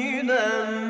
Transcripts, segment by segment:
من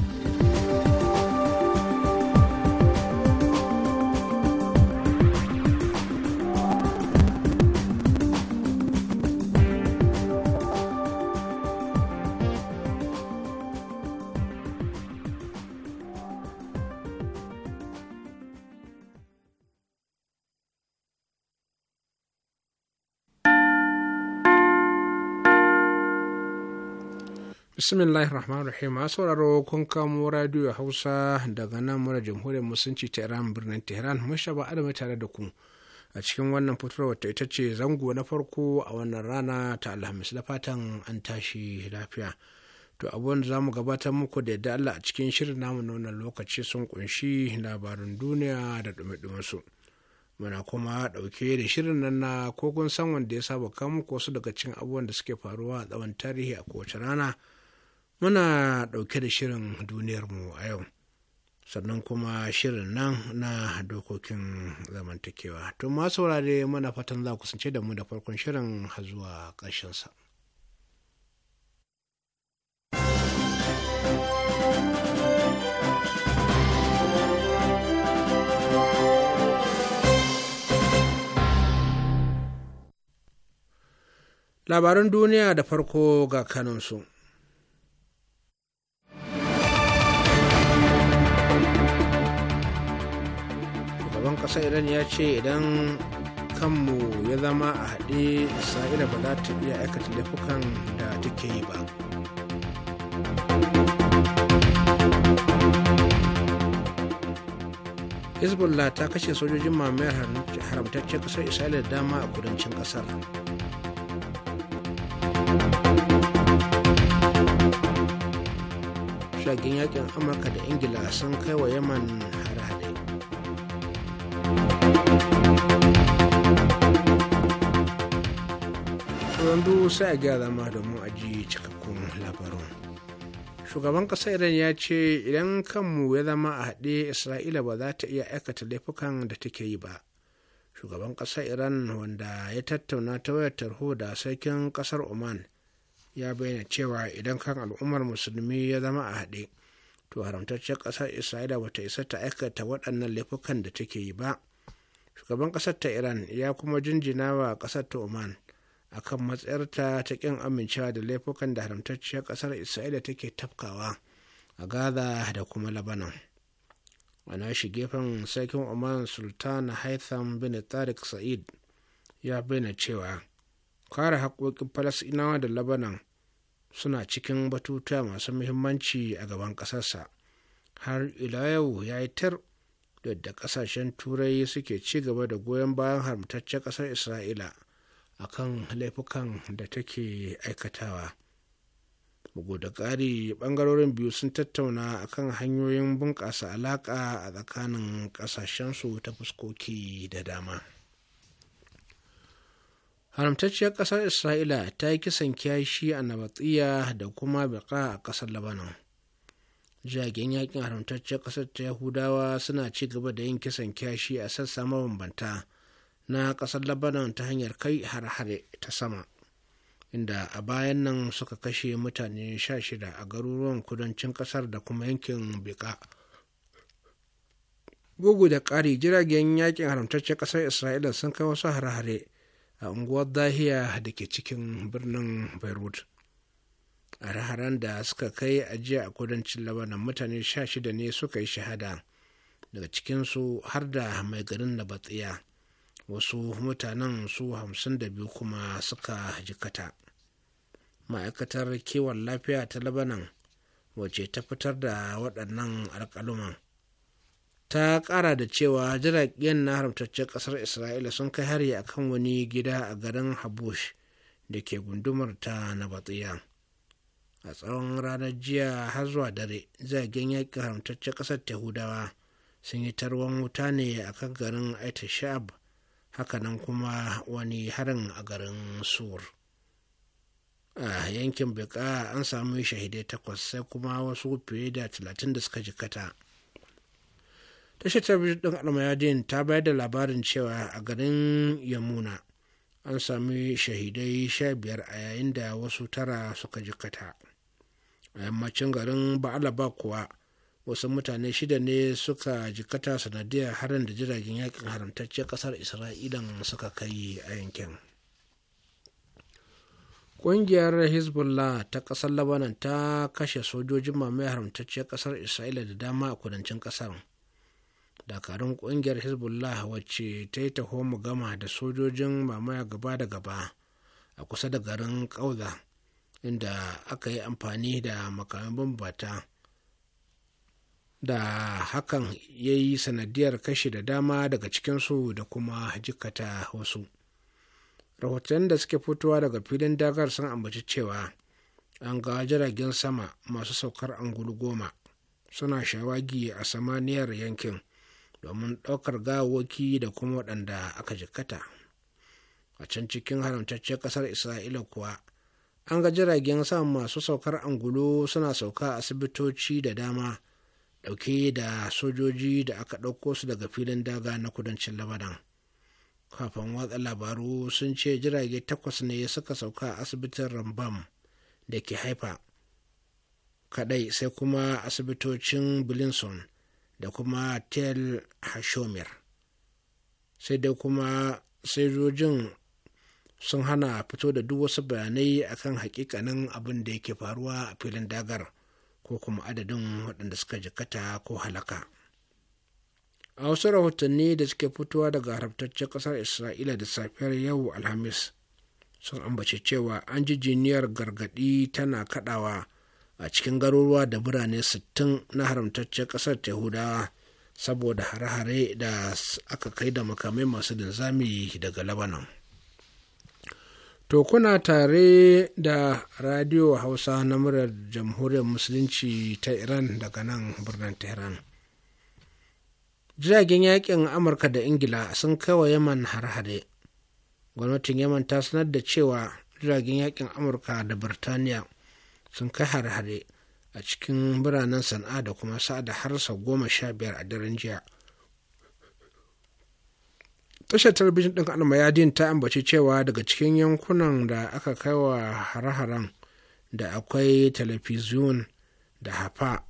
bismillahir rahmanir rahim a sauraro kun kamo radio hausa daga nan mura jamhuriyar musulunci ta iran birnin tehran mashaba adama tare da ku a cikin wannan fitowar ta ita ce zango na farko a wannan rana ta alhamis da fatan an tashi lafiya to abubuwan da zamu mu gabatar muku da yadda allah a cikin shirin namu na wannan lokaci sun kunshi labarun duniya da dume-dume su muna kuma dauke da shirin nan na kogon san wanda ya saba kawo muku wasu daga cikin abubuwan da suke faruwa a tsawon tarihi a kowace rana muna ɗauke da shirin duniyarmu a yau sannan kuma shirin nan na dokokin zamantakewa to ma saurare mana fatan za kusance da mu da farkon shirin har zuwa ƙarshensa. labaran duniya da farko ga kanunsu shugaban kasa iran ya ce idan kanmu ya zama a haɗe sa'ira ba za ta iya aikata laifukan da take yi ba hezbollah ta kashe sojojin mamayar haramtaccen kasar isra'ila da dama a kudancin ƙasar shagin yakin amurka da ingila sun kai wa yaman yanzu sai a da mu domin aji cikakkun labarun shugaban ƙasa iran ya ce idan kanmu ya zama a haɗe isra'ila ba za ta iya aikata laifukan da take yi ba shugaban ƙasar iran wanda ya tattauna ta wayar tarho da sarkin ƙasar oman ya bayyana cewa idan kan al'ummar musulmi ya zama a haɗe to haramtaccen ƙasar isra'ila ba ta isa ta aikata waɗannan laifukan da take yi ba shugaban ƙasar ta iran ya kuma jinjina wa ƙasar ta oman kan matsayarta ta kin amincewa da laifukan da haramtacciyar ƙasar isra'ila take tafkawa a gaza da kuma labanan a nashi gefen sarkin oman sultan haitham bin tariq sa'id ya bayyana cewa kare haƙoƙin falasinawa da labanan suna cikin batutuwa masu muhimmanci a gaban ƙasarsa har ila yau ya yi tar da kasashen turai suke ci gaba da goyon bayan haramtaccen kasar isra'ila a kan laifukan da take aikatawa bugu da ƙari ɓangarorin biyu sun tattauna a kan hanyoyin bunƙasa alaƙa a tsakanin ƙasashensu ta fuskoki da dama haramtacciyar ƙasar isra'ila ta yi kisan kiyashi a nabatsiya da kuma biƙa a ƙasar labanan jiragen yakin haramtaccen ƙasar ta yahudawa suna ci gaba da yin kisan kyashi a sassa mabambanta na ƙasar labanan ta hanyar kai har-hare ta sama inda a bayan nan suka kashe mutane sha shida a garuruwan kudancin ƙasar da kuma yankin bika Gugu da ƙari jiragen yakin haramtaccen ƙasar isra'ila sun kai wasu har hare a unguwar zahiya da ke cikin birnin beirut a raharan da suka kai a jiya a kudancin labanan mutane sha shida ne suka yi shahada daga cikinsu har da mai garin na batsiya wasu mutanen su hamsin da biyu kuma suka jikata ma'aikatar kiwon lafiya ta labanan wace ta fitar da waɗannan alƙaluman ta ƙara da cewa jiragen na haramtaccen ƙasar isra'ila sun kai hari akan wani gida a garin habush da ke gundumar ta na batsiya a tsawon ranar jiya har zuwa dare zagen yaƙi haramtaccen ƙasar tehudawa sun yi tarwon wuta ne a kan garin sha'ab hakanan kuma wani harin a garin sur a yankin bika an samu shahidai takwas sai kuma wasu fiye da talatin da suka jikata tashar talabijin ɗin almayadin ta bayar da labarin cewa a garin yamuna an sami shahidai sha biyar a yayin da wasu tara suka jikata. a yammacin garin ba'alaba kuwa wasu mutane shida ne suka jikata sanadiyar harin da jiragen yakin haramtacce kasar isra'ila suka kai a yankin ƙungiyar hezbollah ta ƙasar labanan ta kashe sojojin mamaye haramtacciyar ƙasar isra'ila da dama a kudancin ƙasar dakarun ƙungiyar hezbollah wacce ta yi taho gama da sojojin mamaya gaba da gaba a kusa da garin kauza. inda aka yi amfani da makamin bambata da hakan ya yi sanadiyar kashe da dama daga cikinsu da kuma jikata wasu rahoton da suke fitowa daga filin dagar sun ambaci cewa an ga jiragen sama masu saukar angulu goma suna shawagi a samaniyar yankin domin ɗaukar gawoki da kuma waɗanda aka jikkata a can cikin haramtacciyar ƙasar isra'ila kuwa an ga jiragen sama masu saukar angulo suna sauka a asibitoci da dama dauke da sojoji da aka ɗauko su daga filin daga na kudancin labaran, kafin watsa labaru sun ce jirage takwas ne suka sauka a asibitin rambam da ke haifa kadai sai kuma asibitocin bilinson da kuma tel hashomir sai dai kuma sojojin sun hana fito da duk wasu bayanai akan hakikanin abin da yake faruwa a filin dagar ko kuma adadin waɗanda suka jikata ko halaka a wasu rahotanni da suke fitowa daga haramtaccen ƙasar isra'ila da safiyar yau alhamis sun ambace cewa an ji jiniyar gargaɗi tana kaɗawa a cikin garuruwa da birane 60 na haramtaccen ƙasar yahudawa saboda hare-hare da aka kai da makamai masu linzami daga labanan To kuna tare da Radio Hausa na murar Jamhuriyar Musulunci ta Iran daga nan birnin Tehran. Jiragen yakin Amurka da Ingila sun kawo Yaman har-hare. Gwamnatin Yaman ta sanar da cewa jiragen yakin Amurka da Birtaniya sun kai har-hare a cikin biranen sana'a da kuma da har sau goma sha biyar a daren jiya. tashar talabijin ɗin anama yadin ta ambaci cewa daga cikin yankunan da aka kai wa hare-haren da akwai talabijin da hafa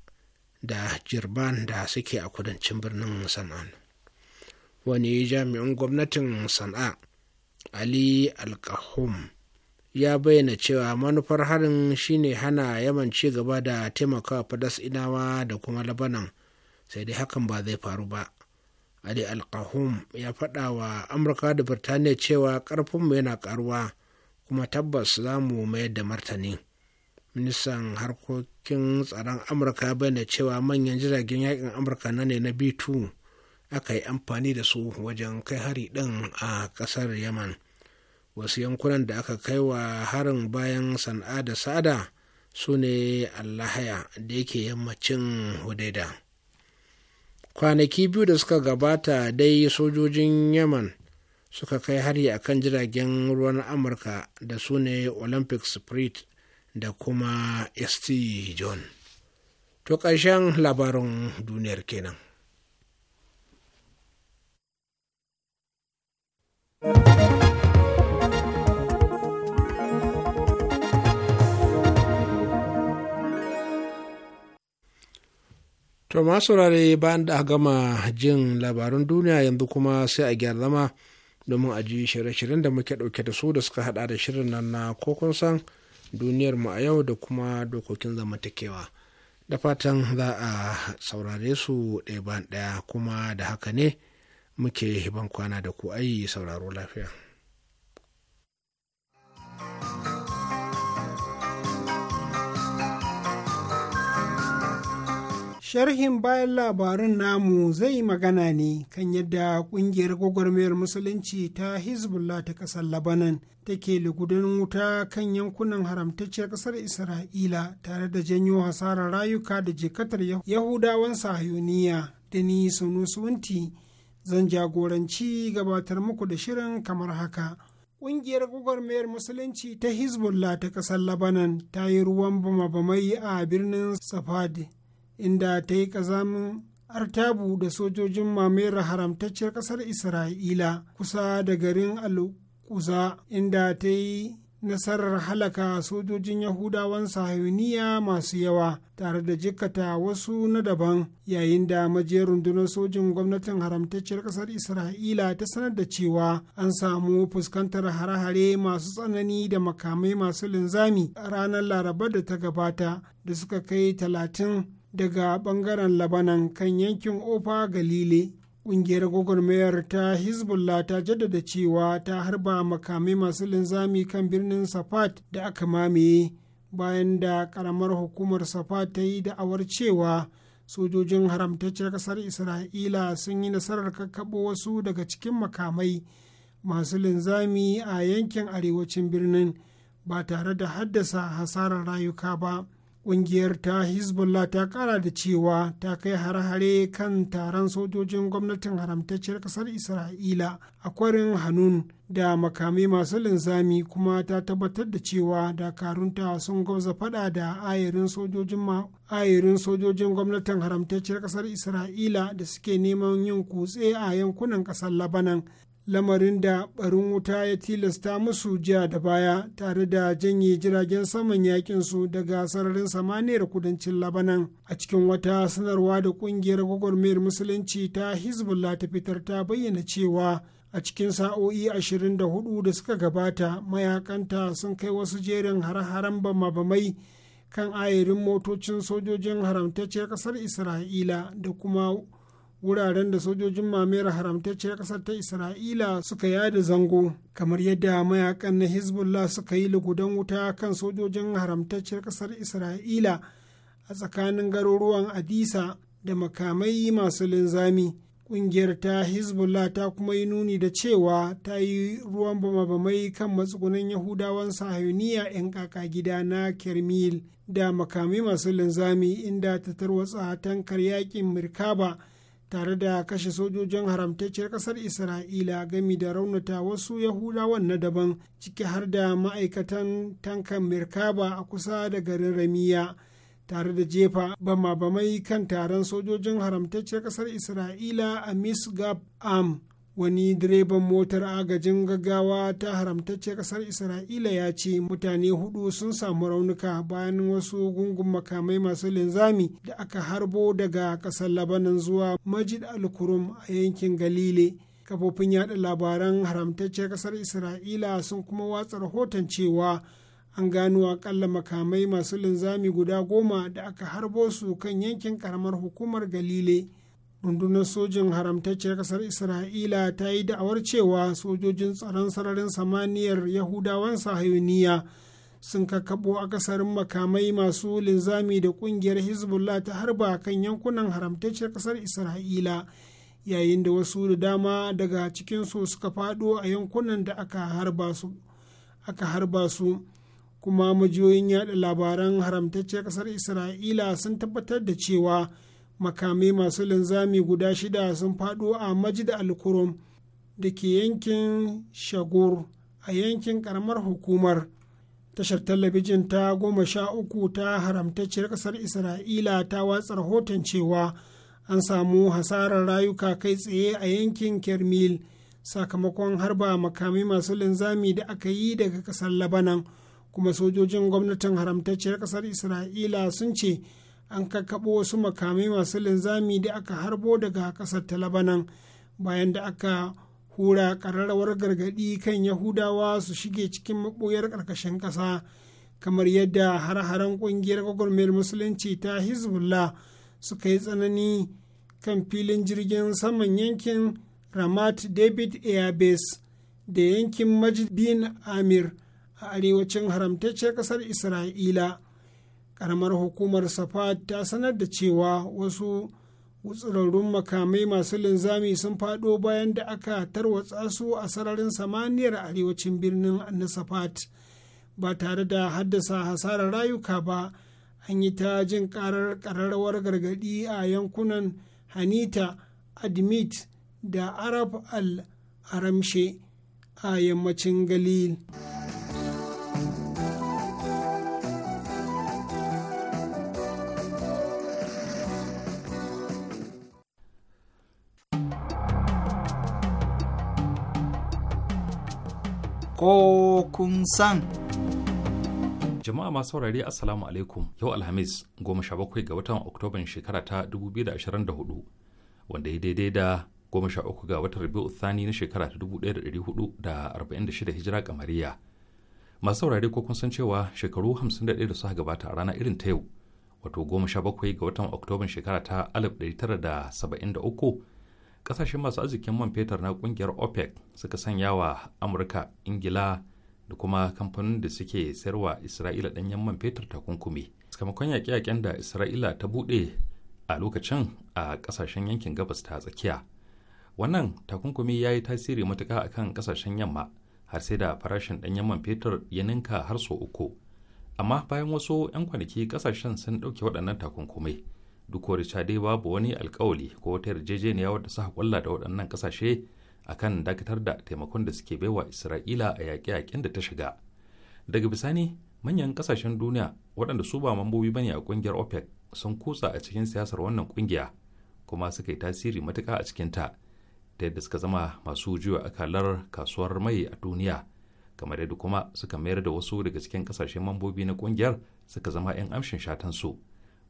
da jirban da suke a kudancin birnin sana'a wani jami'in gwamnatin sana'a ali alkahum ya bayyana cewa manufar harin shine hana yaman ci gaba da taimakawa fadas inawa da kuma labanan sai dai hakan ba zai faru ba ali alkahum ya faɗa wa amurka da birtaniya cewa ƙarfinmu yana ƙaruwa kuma tabbas za mu mayar da martani ministan harkokin tsaron amurka bayyana cewa manyan jiragen yakin amurka na ne na b aka yi amfani da su wajen kai hari ɗin a ƙasar yaman wasu yankunan da aka kai wa harin bayan sana'a da sada su ne allahaya da yake yammacin hudaida kwanaki biyu da suka gabata dai sojojin yaman suka kai hari a kan jiragen ruwan amurka da su ne olympic spirit da kuma st john to ƙarshen labarin duniyar kenan. thank you To ma saurare bayan da gama jin labarun duniya yanzu kuma sai a gyara zama domin a ji shirye-shiryen da muke ɗauke da su da suka haɗa da shirin nan na kokon san duniyar mu a yau da kuma dokokin zamantakewa. Da fatan za a saurare su ɗaya bayan ɗaya kuma da haka ne muke ban kwana da ku ayi sauraro lafiya. Sharhin bayan labarun namu zai magana ne kan yadda kungiyar gwagwarmayar musulunci ta Hezbollah ta ƙasar Labanan take lugudan wuta kan yankunan haramtacciyar ƙasar Isra'ila tare da janyo hasarar rayuka da jikatar Yahudawan sahayuniya da ni sunusunti zan jagoranci gabatar muku da shirin kamar haka. Ƙungiyar gwagwarmayar musulunci ta Hezbollah ta ƙasar Labanan ta yi ruwan bama-bamai a birnin safadi inda ta yi ƙazamin artabu da sojojin mamayar haramtacciyar ƙasar isra'ila kusa da garin alkusa inda ta yi nasarar halaka sojojin yahudawan sahayuniya masu yawa tare da jikkata wasu na daban yayin da majiyar rundunar sojin gwamnatin haramtacciyar ƙasar isra'ila ta sanar da cewa an samu fuskantar hare-hare masu tsanani da makamai masu linzami ranar larabar da ta gabata da suka kai talatin daga bangaren labanan kan yankin ofa galile ƙungiyar gwagwarmayar ta hezbollah ta jaddada cewa ta harba makamai masu linzami kan birnin safat da aka mamaye bayan da karamar hukumar safat ta yi da'awar cewa sojojin haramtacciyar ƙasar isra'ila sun yi nasarar kakkaɓo wasu daga cikin makamai masu linzami a yankin arewacin birnin ba tare da haddasa hasarar rayuka ba. Ƙungiyar ta Hezbollah ta ƙara da cewa ta kai har-hare kan taron sojojin gwamnatin haramtacciyar ƙasar Isra'ila a kwarin Hanun da makamai masu linzami kuma ta tabbatar da cewa dakarunta sun gauza fada da ayarin sojojin sojojin gwamnatin haramtacciyar ƙasar Isra'ila da suke neman yin kutse a yankunan ƙasar Labanan lamarin da barin wuta ya tilasta musu jiya da baya tare da janye jiragen saman yakinsu daga sararin samaniyar kudancin labanan a cikin wata sanarwa da kungiyar gwagwarmayar musulunci ta hezbollah ta fitar ta bayyana cewa a cikin sa'o'i 24 da suka gabata mayakanta sun kai wasu jerin har-haren bama-bamai kan ayarin motocin sojojin haramtacciyar ƙasar isra'ila da kuma wuraren da sojojin mamayar haramtacciyar ƙasar ta isra'ila suka yada zango kamar yadda mayakan na hezbollah suka yi lugudan wuta kan sojojin haramtacciyar ƙasar isra'ila a tsakanin garuruwan adisa da makamai masu linzami ƙungiyar ta hezbollah ta kuma yi nuni da cewa ta yi ruwan bama kan matsugunan yahudawan sahayuniya 'yan kaka gida na kermil da makamai masu linzami inda ta tarwatsa tankar yakin mirkaba tare da kashe sojojin haramtacciyar ƙasar isra'ila gami da raunata wasu yahudawan na daban ciki har da ma'aikatan tankan mirkaba a kusa da garin ramiya tare da jefa bama-bamai kan taron sojojin haramtacciyar ƙasar isra'ila a misgab am wani direban motar agajin gaggawa ta haramtacce kasar isra'ila ya ce mutane hudu sun samu raunuka bayan wasu gungun makamai masu linzami da aka harbo daga kasar labanan zuwa majid al-kurum a yankin galile kafofin yada labaran haramtacce kasar isra'ila sun kuma watsa rahoton cewa an gano akalla makamai masu linzami guda goma da aka harbo su kan yankin karamar hukumar galile rundunar sojin haramtacciyar kasar isra'ila ta yi da'awar cewa sojojin tsaron sararin samaniyar yahudawan sahayuniya sun kakabo akasarin makamai masu linzami da kungiyar hezbollah ta harba kan yankunan haramtacciyar kasar isra'ila yayin da wasu da dama daga cikinsu suka fado a yankunan da aka harba su kuma majiyoyin yada labaran haramtacciyar kasar isra'ila sun tabbatar da cewa makamai masu linzami guda shida sun faɗo a majid al-kurum da ke yankin shagur a yankin karamar hukumar tashar talabijin ta goma sha uku ta haramtacciyar ƙasar isra'ila ta watsa rahoton cewa an samu hasarar rayuka kai tsaye a yankin kermil sakamakon harba makamai masu linzami da aka yi daga ƙasar labanan kuma sojojin gwamnatin haramtacciyar ƙasar isra'ila sun ce an kakkaɓo wasu makamai masu linzami da aka harbo daga ƙasar ta labanan bayan da aka hura ƙararrawar gargaɗi kan yahudawa su shige cikin maɓoyar ƙarƙashin ƙasa kamar yadda har-haren ƙungiyar gwagwarmayar musulunci ta hezbollah suka yi tsanani kan filin jirgin saman yankin ramat david airbase da yankin majid bin amir a arewacin haramtacciyar ƙasar isra'ila karamar hukumar safad ta sanar da cewa wasu wutsirarrun makamai masu linzami sun faɗo bayan da aka tarwatsa su a sararin samaniyar arewacin birnin na safat ba tare da haddasa hasarar rayuka ba an yi ta jin karar kararrawar gargaɗi a yankunan hanita admit da arab al aramshe a yammacin galil. ko kun san. Jama'a masu saurari Assalamu alaikum yau Alhamis goma sha bakwai ga watan Oktoban shekara ta 2024 wanda ya daidai da goma sha uku ga watan Rabiu Thani na shekara ta 1446 hijira kamariya. Masu saurari ko kun san cewa shekaru 51 da suka gabata a rana irin ta yau wato goma sha bakwai ga watan Oktoban shekara ta 1973 kasashen masu arzikin man fetur na kungiyar opec suka sanya wa amurka ingila da kuma kamfanin da suke sayarwa isra'ila danyen man fetur takunkumi sakamakon yaƙe-yaƙen da isra'ila ta buɗe a lokacin a ƙasashen yankin gabas ta tsakiya wannan takunkumi ya yi tasiri matuka akan ƙasashen yamma har sai da farashin ɗanyen man fetur ya ninka har sau uku amma bayan wasu 'yan kwanaki ƙasashen sun ɗauke waɗannan takunkumi. duk wani dai babu wani alkawali ko wata yarjejeniya wadda suka kwalla da waɗannan ƙasashe a kan dakatar da taimakon da suke baiwa isra'ila a yaƙe-yaƙen da ta shiga daga bisani manyan ƙasashen duniya waɗanda su ba mambobi bane a ƙungiyar opec sun kutsa a cikin siyasar wannan ƙungiya kuma suka yi tasiri matuƙa a cikinta ta yadda suka zama masu juya akalar kasuwar mai a duniya kamar yadda kuma suka mayar da wasu daga cikin ƙasashen mambobi na ƙungiyar suka zama 'yan amshin shatansu su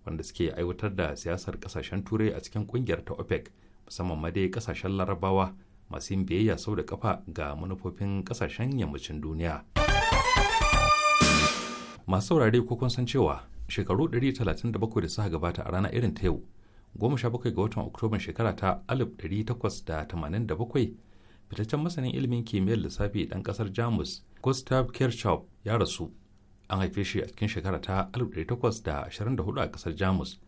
wanda suke aiwatar da siyasar kasashen turai a cikin kungiyar ta opec musamman ma dai kasashen larabawa masu yin biyayya sau da kafa ga manufofin kasashen yammacin duniya masu saurare ko kun san cewa shekaru 137 da suka gabata a rana irin ta yau 17 ga watan oktoban shekara ta 1887 fitaccen masanin ilimin kimiyyar lissafi ɗan ƙasar jamus gustav kirchhoff ya rasu an haife shi a cikin shekara ta 1824 a kasar jamus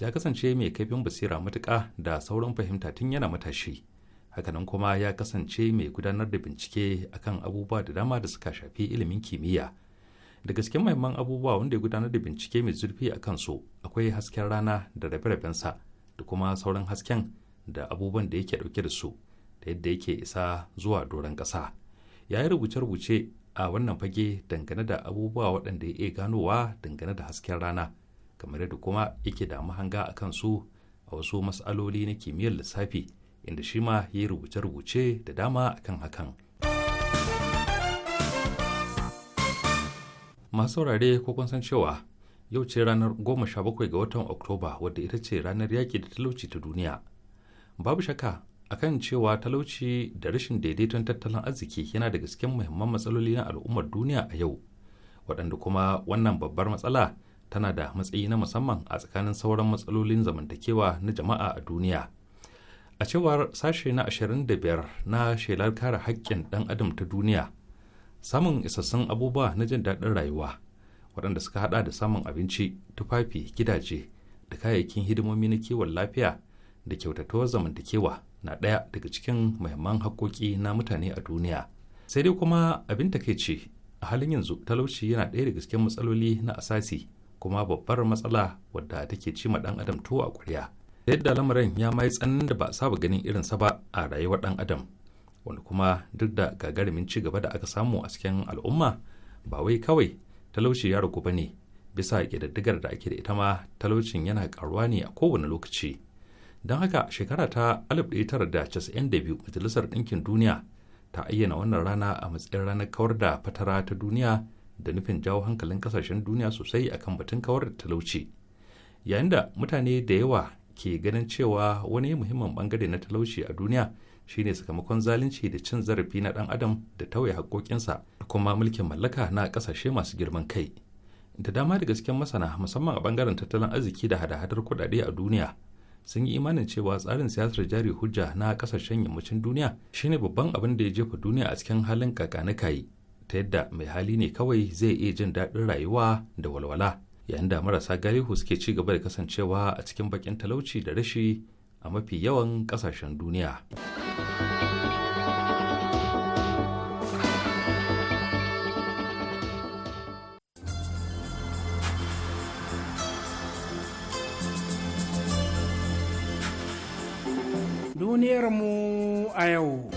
ya kasance mai kaifin basira matuka da sauran fahimta tun yana matashi hakanan kuma ya kasance mai gudanar da bincike akan abubuwa da dama da suka shafi ilimin kimiyya da gaske mahimman abubuwa wanda ya gudanar da bincike mai zurfi a kansu akwai hasken rana da rabe-rabensa da kuma sauran hasken da abubuwan da yake dauke da su da yadda yake isa zuwa doron ƙasa ya yi rubuce-rubuce a wannan fage dangane da abubuwa waɗanda ya iya ganowa dangane da hasken rana kamar yadda kuma yake da mahanga a kansu a wasu matsaloli na kimiyyar lissafi inda shi ma ya yi rubuce-rubuce da dama akan hakan masu saurare ko kun san cewa yau ce ranar 17 ga watan oktoba wadda ita ce ranar yaƙi da talauci ta duniya babu shakka akan cewa talauci da rashin daidaiton tattalin arziki yana da gaske muhimman matsaloli na al'ummar duniya a yau waɗanda kuma wannan babbar matsala tana da matsayi na musamman a tsakanin sauran matsalolin zamantakewa na jama'a a duniya a cewar sashe na 25 na shelar kare haƙƙin ɗan adam ta duniya samun isassun abubuwa na jin daɗin rayuwa waɗanda suka haɗa da samun abinci tufafi gidaje da kayayyakin hidimomi na kiwon lafiya da kyautatuwar zamantakewa na ɗaya daga cikin muhimman hakoki na mutane a duniya sai dai kuma abin takaici a halin yanzu talauci yana ɗaya daga cikin matsaloli na asasi kuma babbar matsala wadda take cima ɗan adam tuwo a ƙuriya yadda lamarin ya mai tsananin da ba a saba ganin irin sa ba a rayuwar ɗan adam wanda kuma duk da gagarumin ci gaba da aka samu a cikin al'umma ba wai kawai talauci ya ragu ba ne bisa ƙididdigar da ake da ita ma talaucin yana ƙaruwa ne a kowane lokaci don haka shekara ta 1992 majalisar ɗinkin duniya ta ayyana wannan rana a matsayin ranar kawar da fatara ta duniya da nufin jawo hankalin kasashen duniya sosai akan batun kawar da talauci yayin da mutane da yawa ke ganin cewa wani muhimmin bangare na talauci a duniya shine sakamakon zalunci da cin zarafi na dan adam da tauye haƙoƙinsa da kuma mulkin mallaka na ƙasashe masu girman kai da dama da gasken masana musamman a bangaren tattalin arziki da hada-hadar kuɗaɗe a duniya sun yi imanin cewa tsarin siyasar jari hujja na kasashen yammacin duniya shine babban abin da ya jefa duniya a cikin halin kakanikayi ta yadda mai hali ne kawai zai iya jin daɗin rayuwa da walwala yayin da marasa galihu suke ci gaba da kasancewa a cikin bakin talauci da rashi a mafi yawan kasashen duniya. mu a yau.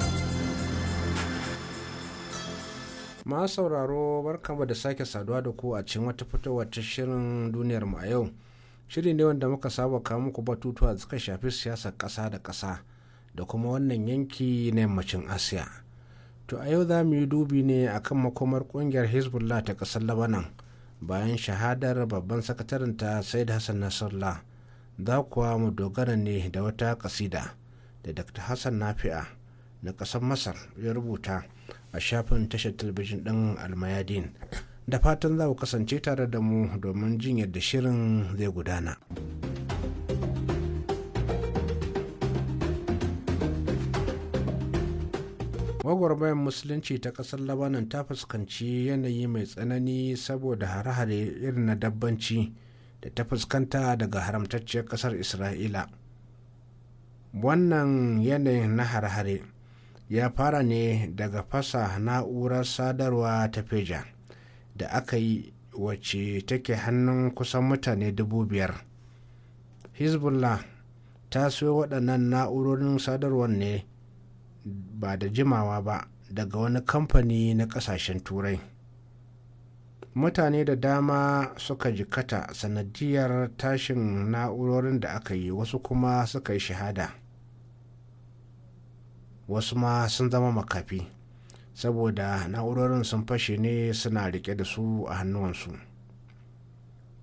Ma sauraro barkama da sake saduwa da ku a cikin wata fitowar ta shirin duniyarmu a yau. Shiri ne wanda muka saba kawo muku batutuwa da suka shafi siyasar ƙasa da ƙasa da kuma wannan yanki na yammacin Asiya. To a yau za mu yi dubi ne a kan makomar ƙungiyar Hezbollah ta ƙasar Labanan bayan shahadar babban sakatarinta Said Hassan Nasrallah. za kuwa mu dogara ne da wata ƙasida. da dr hassan nafi'a na ƙasar masar ya rubuta a shafin tashar talabijin ɗin almayadin da fatan za ku kasance tare da mu domin jin yadda shirin zai gudana. gwagwarmayar musulunci ta ƙasar labanan ta fuskanci yanayi mai tsanani saboda hare-hare irin na dabbanci da ta fuskanta daga haramtacciyar ƙasar isra'ila wannan yanayin na har-hare ya fara ne daga fasa na'urar sadarwa ta feja da aka yi wacce take hannun kusan mutane dubu biyar hezbollah ta siyo waɗannan na'urorin sadarwar ne ba da jimawa ba daga wani kamfani na ƙasashen turai mutane da dama suka jikata sanadiyar tashin na'urorin da aka yi wasu kuma suka yi shahada wasu ma sun zama makafi saboda na'urorin sun fashe ne suna rike da su a hannuwansu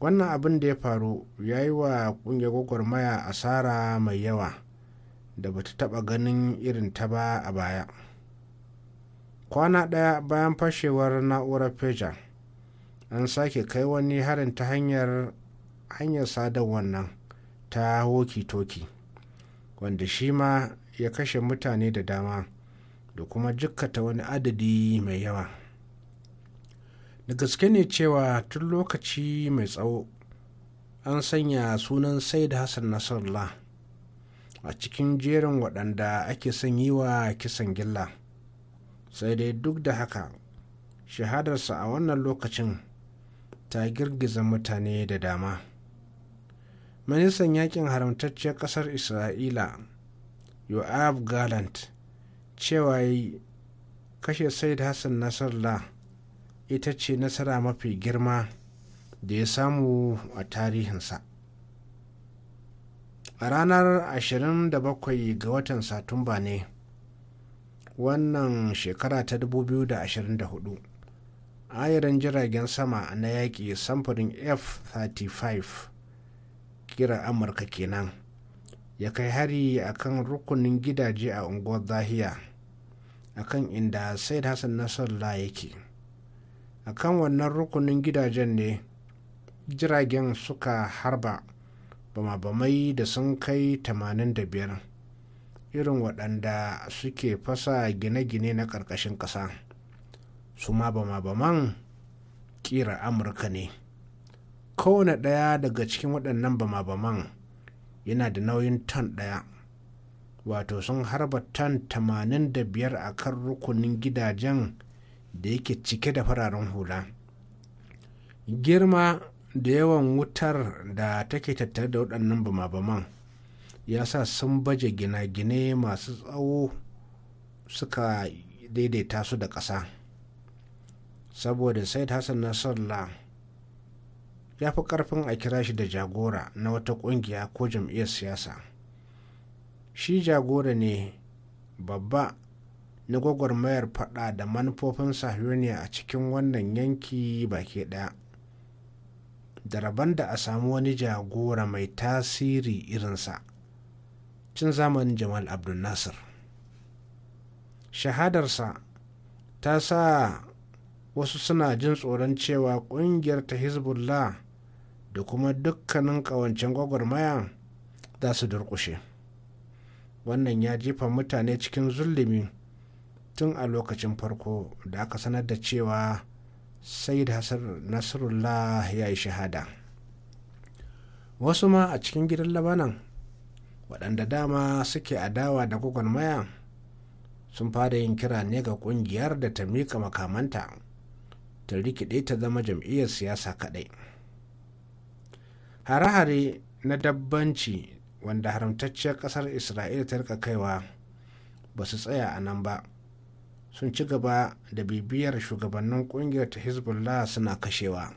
wannan abin da ya faru ya yi wa ƙungiyar gwagwarmaya asara mai yawa da bata taɓa ganin irin ta ba a baya kwana ɗaya bayan fashewar na'urar feja an sake kai wani harin ta hanyar hanyar sadar wannan ta hoki-toki wanda shi ma ya kashe mutane da dama da kuma jikkata wani adadi mai yawa da gaske ne cewa tun lokaci mai tsawo an sanya sunan said hassan nasarallah a cikin jerin waɗanda ake son yi wa kisan gilla sai dai duk da haka shahadarsa a wannan lokacin ta girgiza mutane da dama ministan yakin haramtacciyar ƙasar isra'ila yoav gallant cewa kashe said hassan nasarla ita ce nasara mafi girma da ya samu a tarihinsa a ranar 27 ga watan satumba ne wannan shekara ta 2024 ayyaran jiragen sama na yaƙi samfurin f-35 kira amurka kenan ya kai hari a kan rukunin gidaje a unguwar zahiya a kan inda said hassan nasarla yake a kan wannan rukunin gidajen ne jiragen suka harba bama-bamai da sun kai 85 irin waɗanda suke fasa gine-gine na ƙarƙashin ƙasa su ma bama-baman ƙira amurka ne kowane ɗaya daga cikin waɗannan bama-baman yana da nauyin ton ɗaya wato sun harba ton tamanin 85 a kan rukunin gidajen da yake cike da fararen hula girma da yawan wutar da take tattare da waɗannan bama-baman ya sa sun baje gina gine masu tsawo suka daidaita su da ƙasa saboda said hassan nasarar. ya fi karfin a kira shi da jagora na wata kungiya ko jam'iyyar siyasa shi jagora ne babba na gwagwarmayar fada da manufofin sahiyoniya a cikin wannan yanki baki daya da rabon da a samu wani jagora mai tasiri irinsa cin zamanin jamal abdul nasir shahadarsa ta sa wasu suna jin tsoron cewa kungiyar ta hezbollah da kuma dukkanin ƙawancen gwagwarmaya za su durƙushe wannan ya jefa mutane cikin zulumi tun a lokacin farko da aka sanar da cewa sai da nasrullah ya yi shahada wasu ma a cikin gidan labanan waɗanda dama suke adawa da gwagwarmaya sun fara yin kira ne ga ƙungiyar da ta mika makamanta ta rikide ta zama jam'iyyar siyasa kaɗai. hare-hare na dabbanci wanda haramtacciyar kasar isra'ila ta rika kaiwa ba su tsaya a nan ba sun ci gaba da bibiyar shugabannin kungiyar ta hezbollah suna kashewa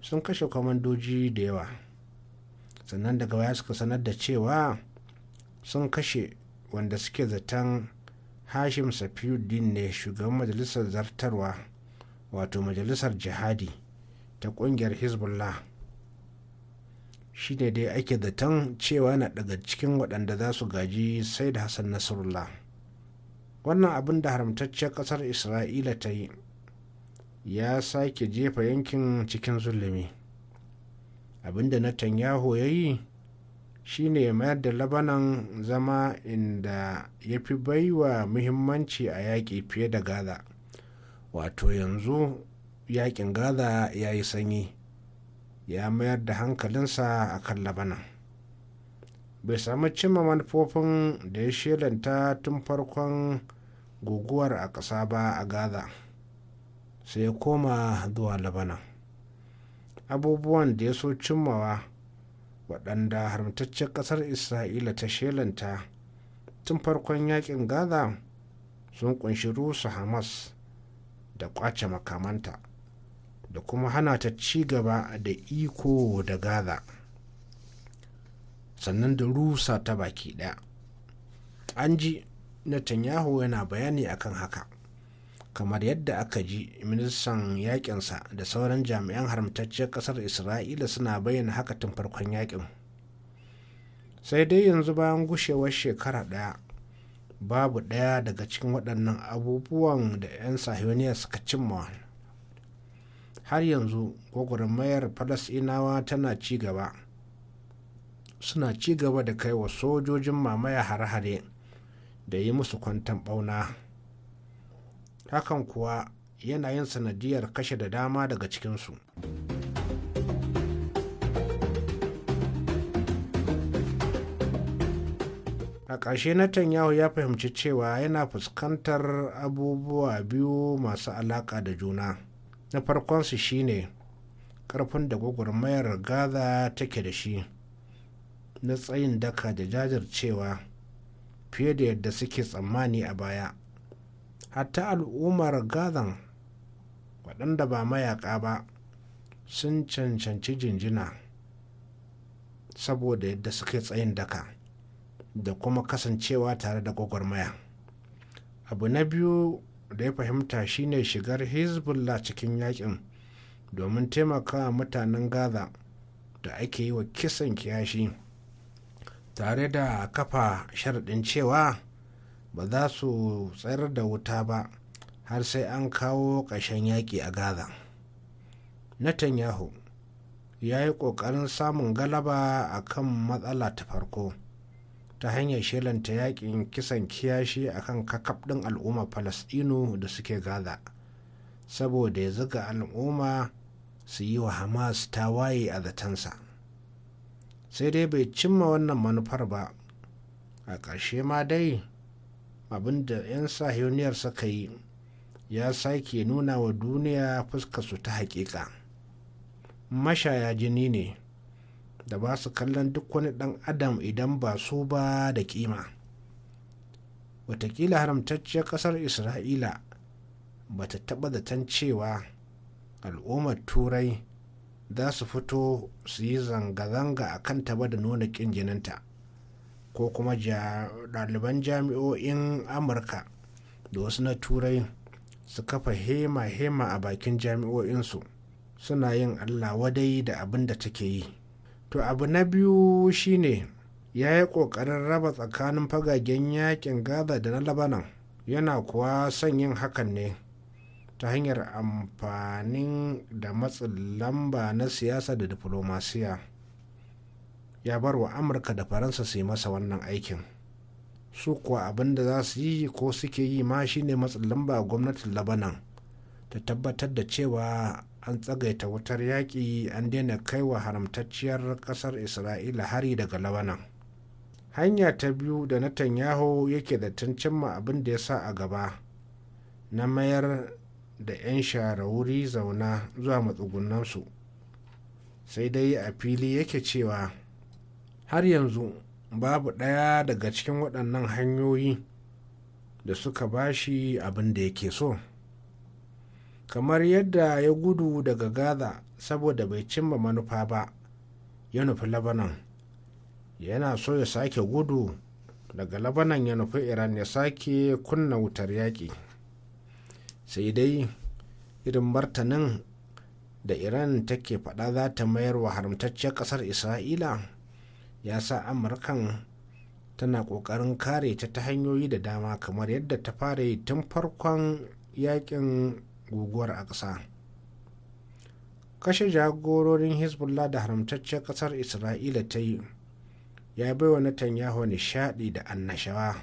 sun kashe kwamandoji da yawa sannan daga baya suka sanar da cewa sun kashe wanda suke zaton hashim safiuddin ne shugaban majalisar zartarwa wato majalisar jihadi ta kungiyar hezbollah shi ne dai ake zaton cewa na daga cikin waɗanda za su gaji sai da hassan nasrullah wannan abin da haramtacciyar ƙasar isra'ila ta yi ya sake jefa yankin cikin zulumi abin da netanyahu ya yi shine mayar da labanan zama inda ya fi baiwa muhimmanci a yaƙi fiye da gaza wato yanzu yaƙin gaza ya yi sanyi ya mayar da hankalinsa a kan labanan bai samu cimma manufofin da ya shelanta tun farkon guguwar a ƙasa ba a gaza sai ya koma zuwa labanan abubuwan da ya so cimmawa waɗanda haramtaccen ƙasar isra'ila ta shelanta tun farkon yakin gaza sun ƙunshi rusa hamas da kwace makamanta da kuma hana ta ci gaba da iko da gaza sannan da rusa ta baki ɗaya an ji netanyahu yana bayani akan haka kamar yadda aka ji ministan yakinsa da sauran jami'an haramtacciyar kasar isra'ila suna bayyana haka tun farkon yakin sai dai yanzu bayan gushewar shekara ɗaya babu ɗaya daga cikin waɗannan abubuwan da 'yan sahiyoniya suka cimma har yanzu gwagwarmayar falasinawa tana ci gaba suna ci gaba da kai wa sojojin mamaya hare-hare da yi musu kwantan bauna hakan kuwa yana yin sanadiyar kashe da dama daga cikinsu a ƙarshe na netanyahu ya fahimci cewa yana fuskantar abubuwa biyu masu alaƙa da juna na farkonsu shine karfin da gwagwarmayar gaza take da shi na tsayin daka da jajircewa fiye da yadda suke tsammani a baya hatta al'ummar gazan waɗanda ba mayaka ba sun cancanci jinjina saboda yadda suke tsayin daka da kuma kasancewa tare da gwagwarmaya abu na biyu da ya fahimta shine shigar hezbollah cikin yakin domin taimakawa mutanen gaza da ake yi wa kisan kiyashi tare da kafa sharaɗin cewa ba za su tsayar da wuta ba har sai an kawo ƙashen yaƙi a gaza netanyahu ya yi ƙoƙarin samun galaba a kan matsala ta farko ta hanyar shelanta yakin kisan kiyashi akan kakaf ɗin al'umma falasɗinu da suke gaza saboda ya zuga al'umma su yi wa hamas tawaye a zatansa sai dai bai cimma wannan manufar ba a ƙarshe ma dai abinda da 'yan sahiyoniyar suka yi ya sake nuna wa duniya su ta hakika. mashaya jini ne da ba su kallon duk wani ɗan adam idan ba su ba da kima watakila haramtacciyar ƙasar isra'ila ba ta taɓa tan cewa al'ummar turai za su fito su yi zanga-zanga a kan ba da nuna ƙin jininta ko kuma ɗaliban jami'o'in amurka da wasu na turai su kafa hema-hema a bakin jami'o'insu suna yin allah wadai da abin da take yi to abu na biyu shine ya yi ƙoƙarin raba tsakanin fagagen yakin gaza da na labanan yana kuwa son yin hakan ne ta hanyar amfanin da matsin lamba na siyasa da diflomasiya ya bar wa amurka da faransa su yi masa wannan aikin su kuwa abin da za su yi ko suke yi ma shine matsin lamba gwamnatin labanan ta tabbatar da cewa an tsagaita wutar yaƙi an daina kai wa haramtacciyar ƙasar isra'ila hari daga labanan hanya ta biyu da netanyahu yake da cimma abin da ya sa a gaba na mayar da 'yan shara wuri zauna zuwa matsugunansu sai dai a fili yake cewa har yanzu babu ɗaya daga cikin waɗannan hanyoyi da suka bashi abin da yake so kamar yadda ya gudu daga gaza saboda bai cimma manufa ba ya nufi labanan yana so ya sake gudu daga labanan ya nufi iran ya sake kunna wutar yaƙi sai dai irin martanin da iran take fada za ta mayar wa haramtacciyar ƙasar isra'ila ya sa amurkan tana ƙoƙarin kare ta ta hanyoyi da dama kamar yadda ta fara yi tun farkon yakin guguwar a ƙasa kashe jagororin hezbollah da haramtaccen ƙasar isra'ila ta yi ya bai wa netanyahu nishaɗi da annashawa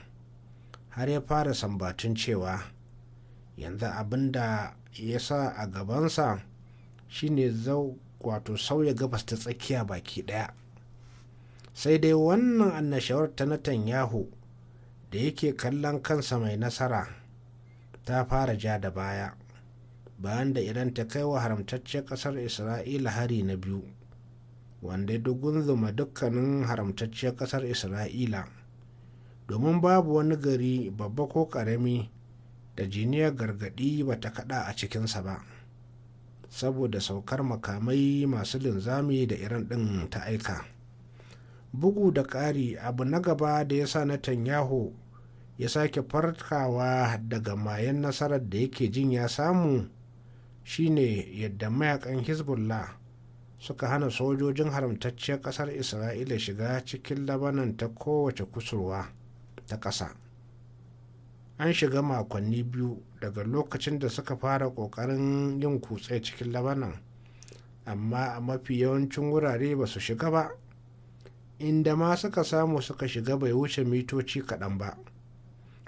har ya fara sambatun cewa yanzu abin da ya sa a gabansa shine zau wato sauya gabas ta tsakiya baki ɗaya sai dai wannan annashawar ta Netanyahu da yake kallon kansa mai nasara ta fara ja da baya bayan da iran ta kai wa haramtacciyar kasar isra'ila hari na biyu wanda dugun zuma dukkanin haramtacciyar kasar isra'ila domin babu wani gari babba ko karami da jiniya gargadi ba ta kada a cikinsa ba saboda saukar makamai masu linzami da iran ɗin ta aika bugu da ƙari abu na gaba da ya sa netanyahu ya sake farkawa daga mayan nasarar da yake jin ya samu shine yadda mayakan hezbollah suka hana sojojin haramtacciyar kasar isra'ila shiga cikin labanan ta kowace kusurwa ta ƙasa an shiga makonni biyu daga lokacin da suka fara ƙoƙarin yin kutse cikin labanan amma a mafi yawancin wurare ba su shiga ba inda ma suka samu suka shiga bai wuce mitoci kaɗan ba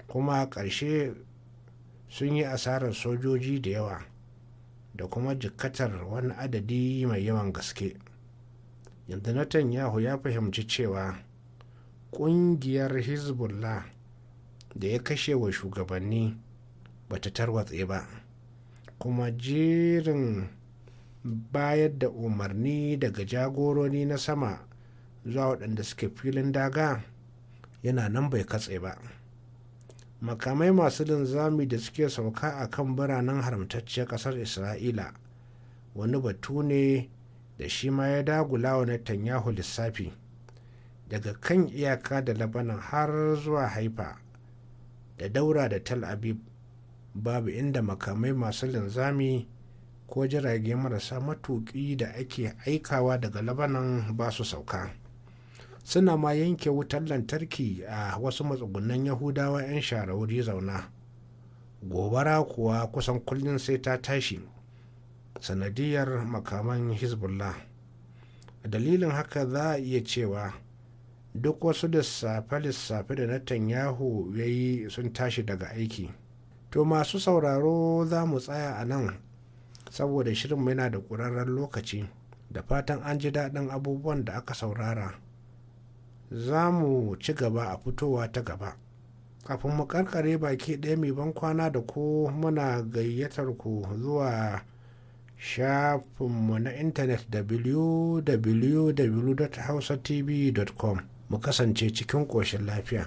kuma a ƙarshe sun yi asarar sojoji da yawa da kuma jikatar wani adadi mai yawan gaske yanzu netanyahu ya fahimci cewa kungiyar hezbollah da ya kashe wa shugabanni bata tarwatse ba kuma jirin bayar da umarni daga jagorori na sama zuwa waɗanda suke filin daga yana nan bai katse ba. makamai masu linzami da suke sauka a kan biranen haramtacciyar ƙasar isra'ila wani batu ne da shi ma ya dagula wa netanyahu lissafi daga kan iyaka da labanan har zuwa haifa da daura da tel aviv babu inda makamai masu linzami ko jirage marasa matuƙi da ake aikawa daga labanan ba su sauka. suna ma yanke wutar lantarki a wasu matsugunan yahudawa 'yan shara wuri zauna gobara kuwa kusan kullum sai ta tashi sanadiyar makaman hezbollah dalilin haka za a iya cewa duk wasu lissafe-lissafe da yahu ya yi sun tashi daga aiki to masu sauraro za mu tsaya a nan saboda shirin yana da ƙurarren lokaci da fatan an ji daɗin abubuwan da aka saurara. za mu ci gaba a fitowa ta gaba kafin mu karkare baki ɗaya mai ban kwana da ku muna gayyatar ku zuwa shafinmu na intanet www.hausatv.com mu kasance cikin ƙoshin lafiya.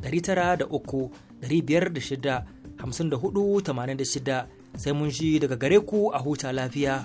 9,506,86,86 sai mun ji daga gare ku a huta lafiya.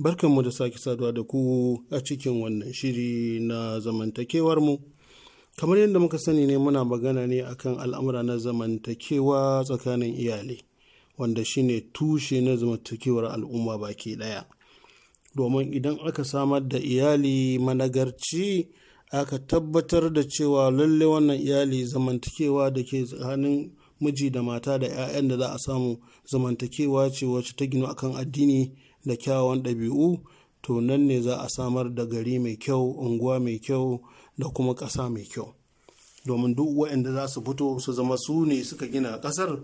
Barkanmu da sake saduwa da ku a cikin wannan shiri na zamantakewar mu Kamar yadda muka sani ne muna magana ne akan al'amura na zamantakewa tsakanin iyali, wanda shine tushe na zamantakewar al'umma baki ɗaya. Domin idan aka samar da iyali managarci aka tabbatar da cewa lalle wannan iyali zamantakewa da ke tsakanin miji da mata da 'ya'yan da za a samu zamantakewa ce wacce ta ginu akan addini da kyawawan ɗabi'u to nan ne za a samar da gari mai kyau unguwa mai kyau da kuma ƙasa mai kyau domin duk waɗanda za su fito su zama su ne suka gina ƙasar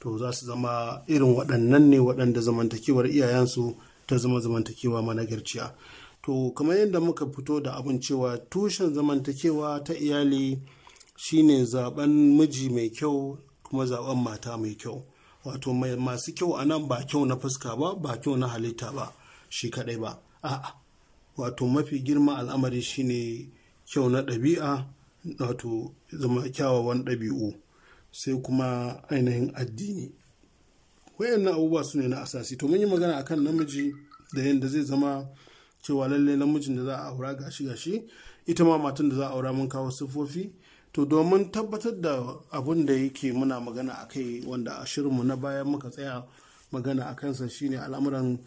to za su zama irin waɗannan ne waɗanda zamantakewar iyayensu ta zama zamantakewa mana managarciya to kamar yadda muka fito da abin cewa tushen zamantakewa ta iyali shine zaben miji mai kyau kuma zaben mata mai kyau wato masu kyau a nan ba kyau na fuska ba ba kyau na halitta ba shi kadai ba a'a wato mafi girma al'amari shine kyau na ɗabi'a wato zama kyawawan ɗabi'u sai kuma ainihin addini wayannan abubuwa su ne na asasi to mun yi magana akan namiji da yadda zai zama cewa lallai namijin da za a aura gashi gashi ita ma matan da za a aura mun kawo siffofi to domin tabbatar da abin da yake muna magana a kai wanda a shirinmu na bayan muka tsaya magana a kansa shine al'amuran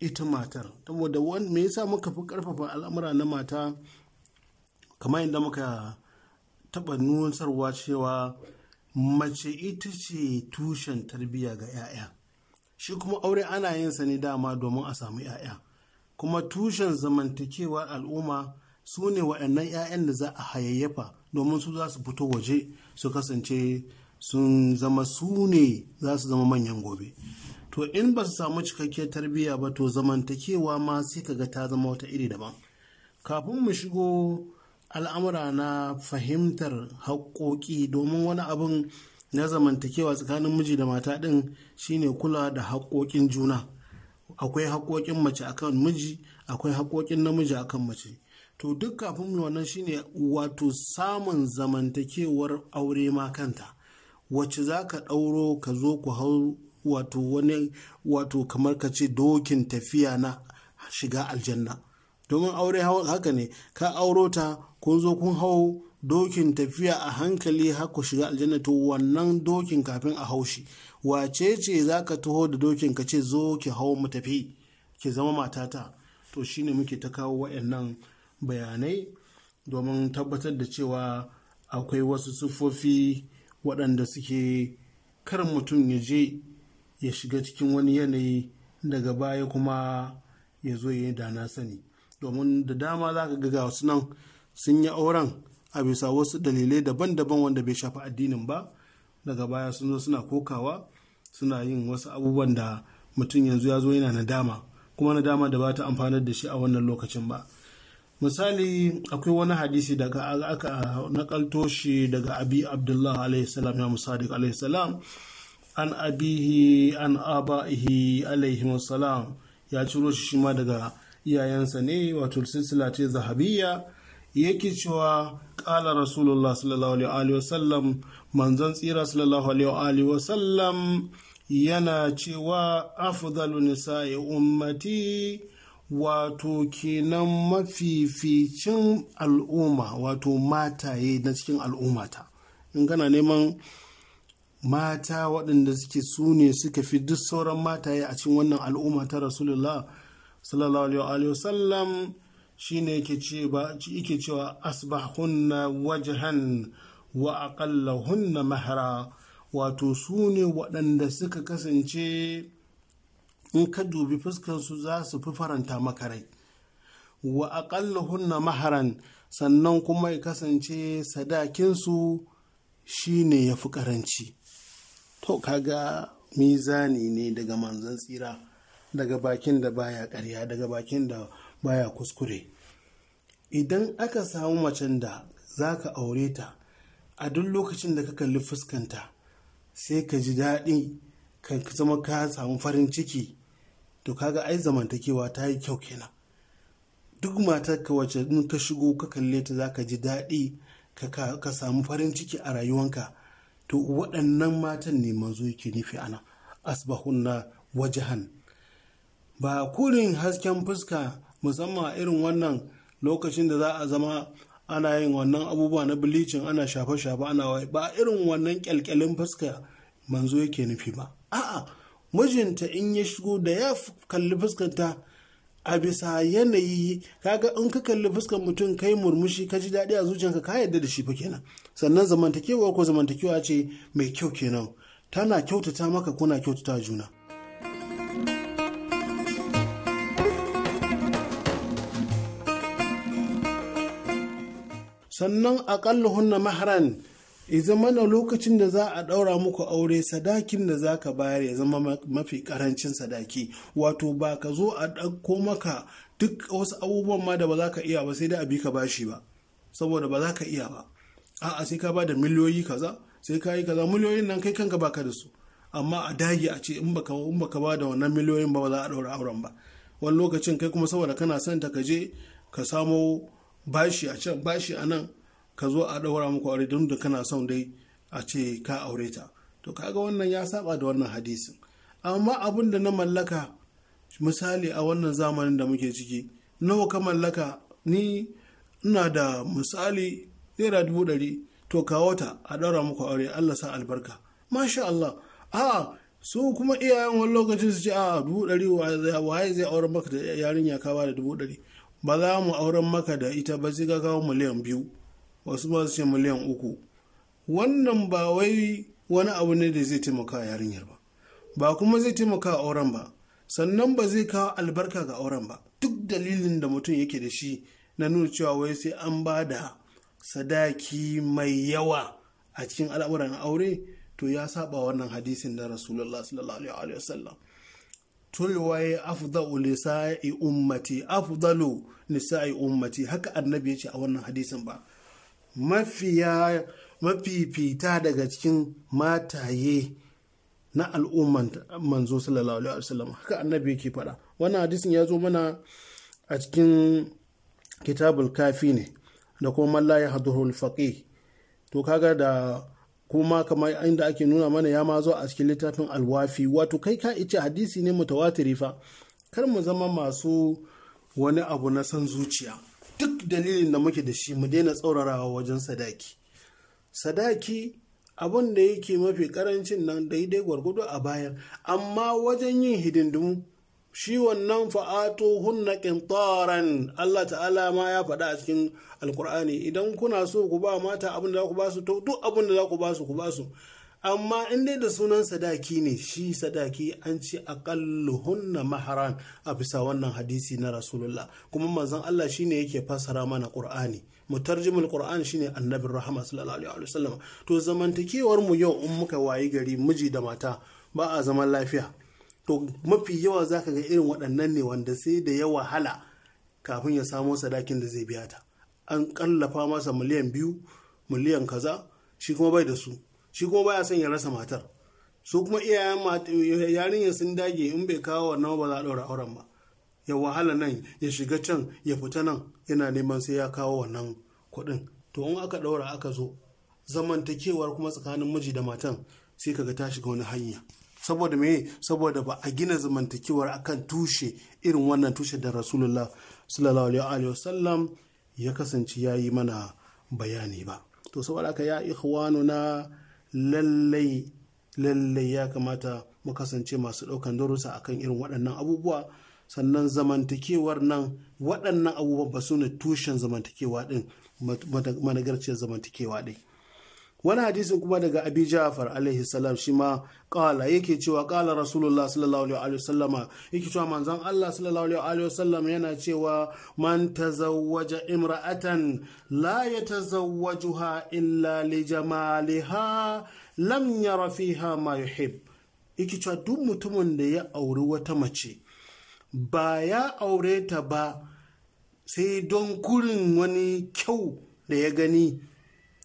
ita matar saboda me yasa muka fi karfafa al'amura na mata kamar yadda muka taɓa nusarwa cewa mace ita ce tushen tarbiyya ga 'ya'ya shi kuma aure ana yin sa ne dama domin a samu 'ya'ya kuma tushen zamantakewar al'umma su ne waɗannan 'ya'yan da za a hayayyafa domin su za su fito waje su kasance sun zama su ne za su zama manyan gobe to in ba su samu cikakkiyar tarbiyya ba to zamantakewa ma sai ga ta zama wata iri daban kafin mu shigo al'amura na fahimtar haƙoƙi domin wani abin na zamantakewa tsakanin miji da mata ɗin shine kula da haƙoƙin juna akwai haƙoƙin mace akan miji akwai haƙoƙin namiji akan mace to duk kafin mu wannan shine wato samun zamantakewar aure ma kanta wacce za ka ɗauro ka zo ku hau wato wani wato kamar ka ce dokin tafiya na shiga aljanna domin aure haka ne ka auro ta kun zo kun hau dokin tafiya a hankali haka shiga aljanna to wannan dokin kafin a haushi wace ce za ka taho da dokin ka ce zo ki hau mu tafi ki zama matata to shine muke ta kawo waɗannan bayanai domin tabbatar da cewa akwai wasu siffofi waɗanda suke kar mutum ya je ya shiga cikin wani yanayi daga baya kuma ya zo ya da na sani domin da dama za ka ga wasu nan sun yi auren a bisa wasu dalilai daban-daban wanda bai shafi addinin ba daga baya sun zo suna kokawa suna yin wasu abubuwan da mutum yanzu ya zo yana nadama kuma nadama da ba ta amfanar da shi a wannan lokacin ba misali akwai wani hadisi daga aka nakalto shi daga abi abdullah alaihi salam ya musadiq alaihi salam an abihi an aba'ihi alaihi salam ya ciro shi ma daga iyayensa ne wato silsila ce zahabiyya yake cewa kala rasulullah sallallahu alaihi wasallam manzon tsira sallallahu alaihi wasallam yana cewa afdalu nisa'i ummati wato kenan mafificin al'umma wato mataye na cikin al'ummata in gana neman mata waɗanda suke su ne suka fi duk sauran mataye a cikin wannan al'umma ta rasulullah sallallahu alaihi wasallam shi ne yake cewa asbahunna wajhan wa aqallahunna mahra wato su ne waɗanda suka kasance in ka dubi fuskansu za su fi faranta maka rai wa hunna maharan sannan kuma ya kasance sadakinsu shine ya fi ƙaranci to kaga mizani ne daga manzan tsira daga bakin da baya karya daga bakin da baya kuskure idan aka samu macen da za ka aure ta a duk lokacin da ka kalli fuskanta sai ka ji daɗi ka zama ka samu farin ciki to kaga ai zamantakewa ta yi kyau kenan duk matar ka wacce in ka shigo ka kalle ta ka ji daɗi ka samu farin ciki a rayuwanka to waɗannan matan ne manzo yake nufi ana asbahunna wajahan ba kurin hasken fuska musamman irin wannan lokacin da za a zama ana yin wannan abubuwa na bilicin ana shafe-shafe ana wai ba irin wannan kyalkyalin fuska manzo yake nufi ba a'a mijinta in ya shigo da ya kalli fuskanta a bisa yanayi kaga in ka kalli fuskan mutum kai murmushi ka ji daɗi a zuciyanka ka yadda da shi fa kenan sannan zamantakewa ko zamantakewa ce mai kyau kenan tana kyautata maka kuna kyautata juna sannan aƙalla hunna maharan ya zama na lokacin da za a ɗaura muku aure sadakin da za ka bayar ya zama mafi ƙarancin sadaki wato ba ka zo a ɗauko maka duk wasu abubuwan ma da ba za ka iya ba sai da abi ka bashi ba saboda ba za ka iya ba a'a sai ka ba da miliyoyi kaza sai ka yi kaza miliyoyin nan kai kanka baka da su amma a dage a ce in baka in baka ba da wannan miliyoyin ba ba za a ɗaura auren ba wani lokacin kai kuma saboda kana son ta ka je ka samo bashi a can bashi a nan ka zo a ɗaura muku aure don da kana son dai a ce ka aure ta to kaga wannan ya saba da wannan hadisin amma abin da na mallaka misali a wannan zamanin da muke ciki nawa ka mallaka ni ina da misali naira dubu ɗari to kawo ta a ɗaura muku aure allah sa albarka masha allah a su kuma iyayen wani lokacin su ce a dubu ɗari waye zai auren maka da yarinya ka ba da dubu ɗari ba za mu auren maka da ita ba sai ka kawo miliyan biyu wasu ba su ce miliyan uku wannan ba wai wani abu ne da zai taimaka a yarinyar ba ba kuma zai taimaka a auren ba sannan ba zai kawo albarka ga auren ba duk dalilin da mutum yake da shi na nuna cewa wai sai an ba da sadaki mai yawa a cikin al'amuran aure to ya saba wannan hadisin na rasulullah sallallahu alaihi wasallam tulwaye afdalu nisa'i ummati afdalu ummati haka annabi ya ce a wannan hadisin ba mafiya mafifita daga cikin mataye na al'umman manzo sallallahu alaihi wasallam haka annabi yake faɗa wannan hadisin ya zo mana a cikin kitabul kafi ne da kuma man la yahdurul faqih to kaga da kuma kamar inda ake nuna mana ya ma zo a cikin littafin alwafi wato kai ka ice hadisi ne mutawatiri fa kar mu zama masu wani abu na san zuciya duk dalilin da muke da shi mu daina tsaurarawa wajen sadaki sadaki abin da yake mafi karancin nan daidai gwargwado a bayan amma wajen yin hidindimu shi wannan fa'ato hunna kintaran Allah ta'ala ma ya faɗa a cikin alkur'ani idan kuna so ku ba mata abin da za ku ba su duk abin da za ku ba su ku ba su amma in dai da sunan sadaki ne shi sadaki an ce hunna maharan a bisa wannan hadisi na rasulullah kuma manzon Allah shi ne yake fassara mana qur'ani mutarjimul shi ne annabin rahama sallallahu alaihi wasallam to zamantakewar mu yau in muka wayi gari miji da mata ba a zaman lafiya to mafi yawa zaka ga irin waɗannan ne wanda sai da ya wahala kafin ya samo sadakin da zai biya ta an ƙallafa masa miliyan biyu miliyan kaza shi kuma bai da su shi ko baya son ya rasa matar su kuma iyayen yarinyar sun dage in bai kawo wannan ba za a ɗaura auren ba ya wahala nan ya shiga can ya fita nan yana neman sai ya kawo wannan kuɗin to in aka ɗaura aka zo zamantakewar kuma tsakanin miji da matan sai kaga ta shiga wani hanya saboda me saboda ba a gina zamantakewar akan tushe irin wannan tushe da rasulullah sallallahu alaihi wasallam ya kasance ya yi mana bayani ba to saboda aka ya ikhwanuna lallai lallai ya kamata mu kasance masu ɗaukan darussa akan irin waɗannan abubuwa sannan zamantakewar nan waɗannan abubuwan ba su ne tushen zamantakewa ɗin managarciyar zamantakewa ɗin wani hadisi kuma daga abi ja'far alaihi salam shi ma kala yake cewa kala rasulullah sallallahu alaihi wasallama yake cewa manzon Allah sallallahu alaihi wasallam yana cewa man tazawwaja imra'atan la yatazawwajuha illa li jamaliha lam yara fiha ma yuhib yake cewa duk mutumin da ya auri wata mace ba ya aure ta ba sai don kurin wani kyau da ya gani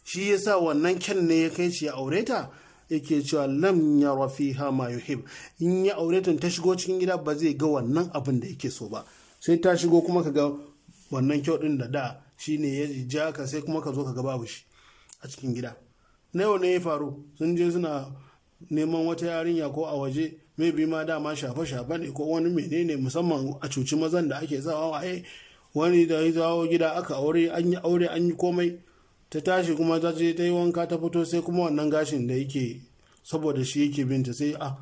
shi yasa wannan kyan ne ya kai shi ya aure ta yake cewa lam ya rafi ma yuhib in ya aure ta ta shigo cikin gida ba zai ga wannan abin da yake so ba sai ta shigo kuma ka ga wannan kyau din da da shi shine ya ja ka sai kuma ka zo ka ga babu shi a cikin gida na yau ne ya faru sun je suna neman wata yarinya ko a waje mai biyu ma dama shafe-shafe ne ko wani menene musamman a cuci mazan da ake zawa waye wani da ya zawo gida aka aure an yi aure an yi komai ta tashi kuma ta je ta yi wanka ta fito sai kuma wannan gashin da yake saboda shi yake binta sai a ah,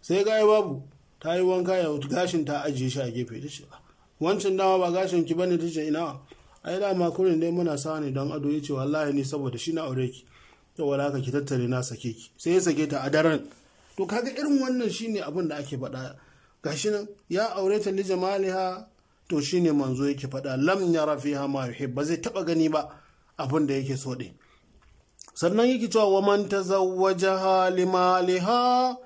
sai gaya babu ta yi wanka ya gashin ta ajiye shi a gefe ta ce ah, wancan dama ba gashin ki bane ta ce ina ai dama kurin dai muna sa ne don ado ya ce wallahi ni saboda shi na aure ki da walaka ki tattare na sake ki sai ya sake ta a daren to kaga irin wannan shine abin da ake faɗa gashi nan ya aure ta li maliha to shine manzo yake faɗa lam yara fiha ma yuhib ba zai taba gani ba abin da yake so ɗin sannan yake cewa wa man tazawwaja limaliha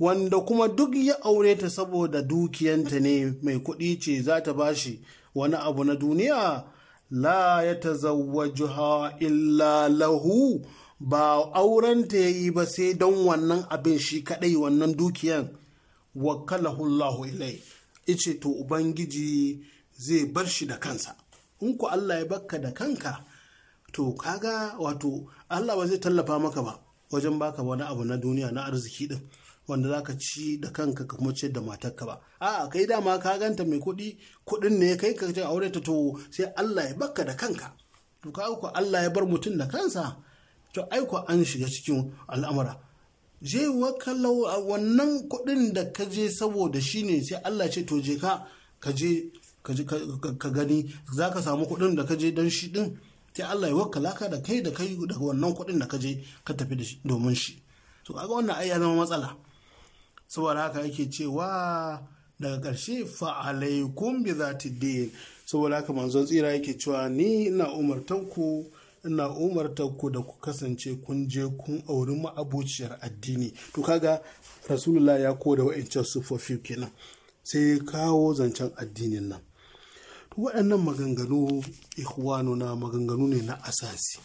wanda kuma duk ya aure ta saboda dukiyanta ne mai kuɗi ce za ta bashi wani abu na duniya la ya tazawwajuha illa lahu ba aurenta ya yi ba sai don wannan abin shi kaɗai wannan dukiyan wakalahu Allahu ilai ice to ubangiji zai bar shi da kansa in ku Allah ya bakka da kanka to kaga wato Allah ba zai tallafa maka ba wajen baka wani abu na duniya na arziki din wanda zaka ci da kanka ka kuma da matarka ba a kai dama ka ganta mai kuɗi kuɗin ne kai ka aure ta to sai Allah ya baka da kanka to ka ko Allah ya bar mutum da kansa to aiko an shiga cikin al'amura je wakalau wannan kuɗin da kaje je saboda shi sai Allah ce to je ka ka ka gani za ka samu kuɗin da kaje je don shi din. sai Allah ya wakala ka da kai da kai daga wannan kuɗin da ka je ka tafi da shi domin shi to kaga wannan ai ya matsala saboda haka yake cewa daga ƙarshe fa alaikum bi zati din saboda haka manzon tsira yake cewa ni ina umartan ku ina umartan ku da ku kasance kun je kun auri ma'abuciyar addini to kaga rasulullah ya koda wa'ancan sufofi kenan sai kawo zancen addinin nan to waɗannan maganganu nuna maganganu ne na asasi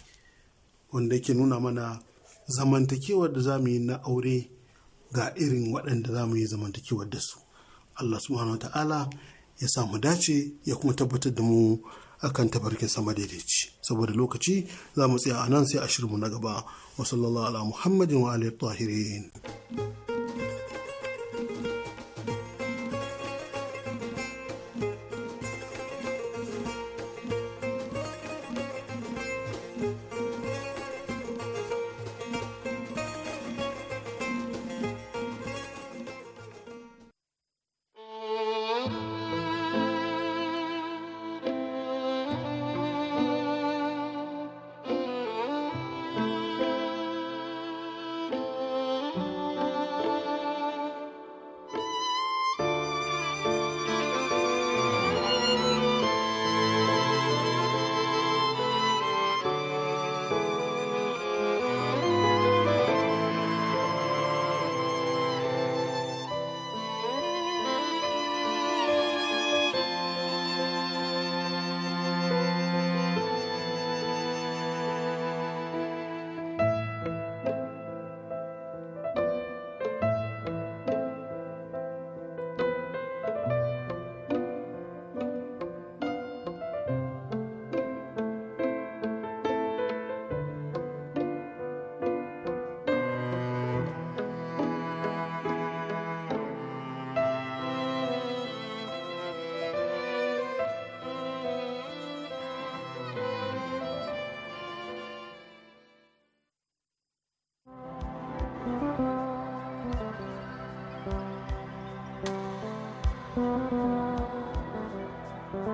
wanda yake nuna mana zamantakewar da za mu yi na aure ga irin waɗanda za mu yi zamantakewar da su allah subhanahu wa ta'ala ya samu dace ya kuma tabbatar da mu akan tabarkin sama daidaici saboda lokaci za mu tsaya a nan sai a shirmu na gaba wa sallallahu ala muhammadin wa alihi tahirin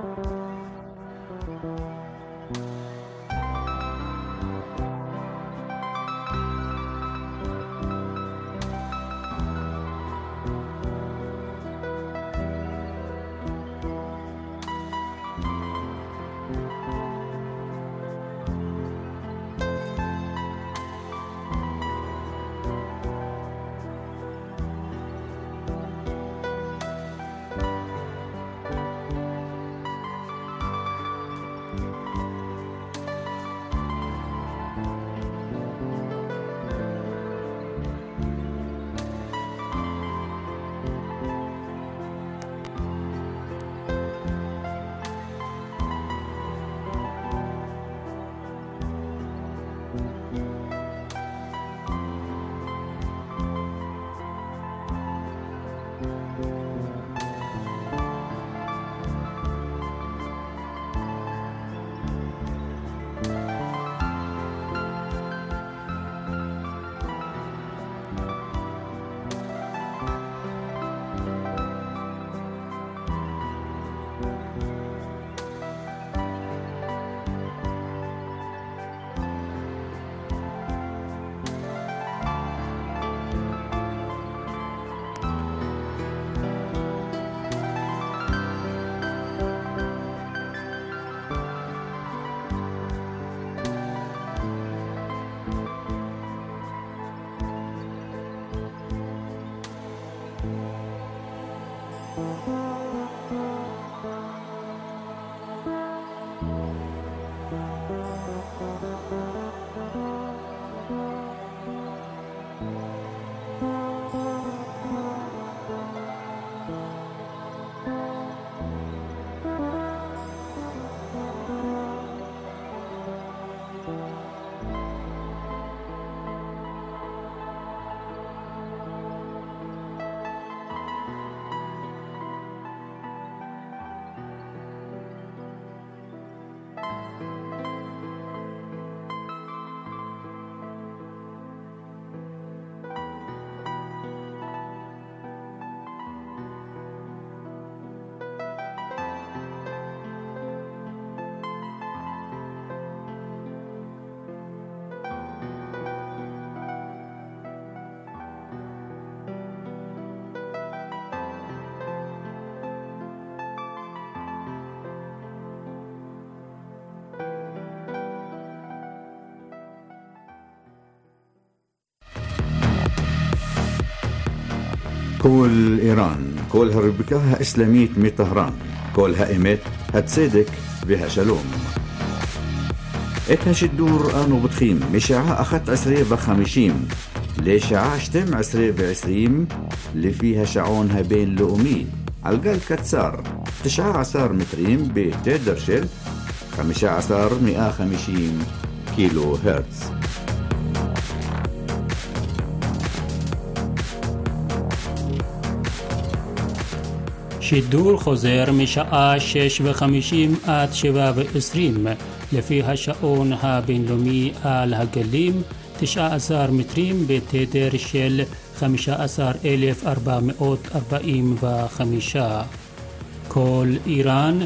thank you Bye. كول إيران كولها ربكاها إسلامية مي طهران كولها إيمت هتصدق بها شلوم إتها شدور آنو بتخيم مشاعة أخت أسرية بخمشيم عاش تم أسرية بعسريم اللي فيها شعونها بين لؤمي عالقال كتسار تشعى عصار متريم بتدرشل خمشة عصار مئة خمشيم كيلو هرتز שידור חוזר משעה שש וחמישים עד שבע ועשרים, לפי השעון הבינלאומי על הגלים, תשע עשר מטרים בתדר של חמישה עשר אלף ארבע מאות ארבעים וחמישה. כל איראן